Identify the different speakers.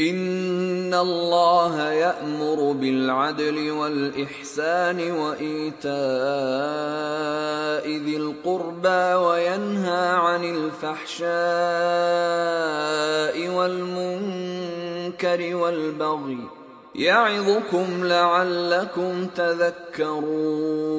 Speaker 1: إن الله يأمر بالعدل والإحسان وإيتاء ذي القربى وينهى عن الفحشاء والمنكر والبغي يعظكم لعلكم
Speaker 2: تذكرون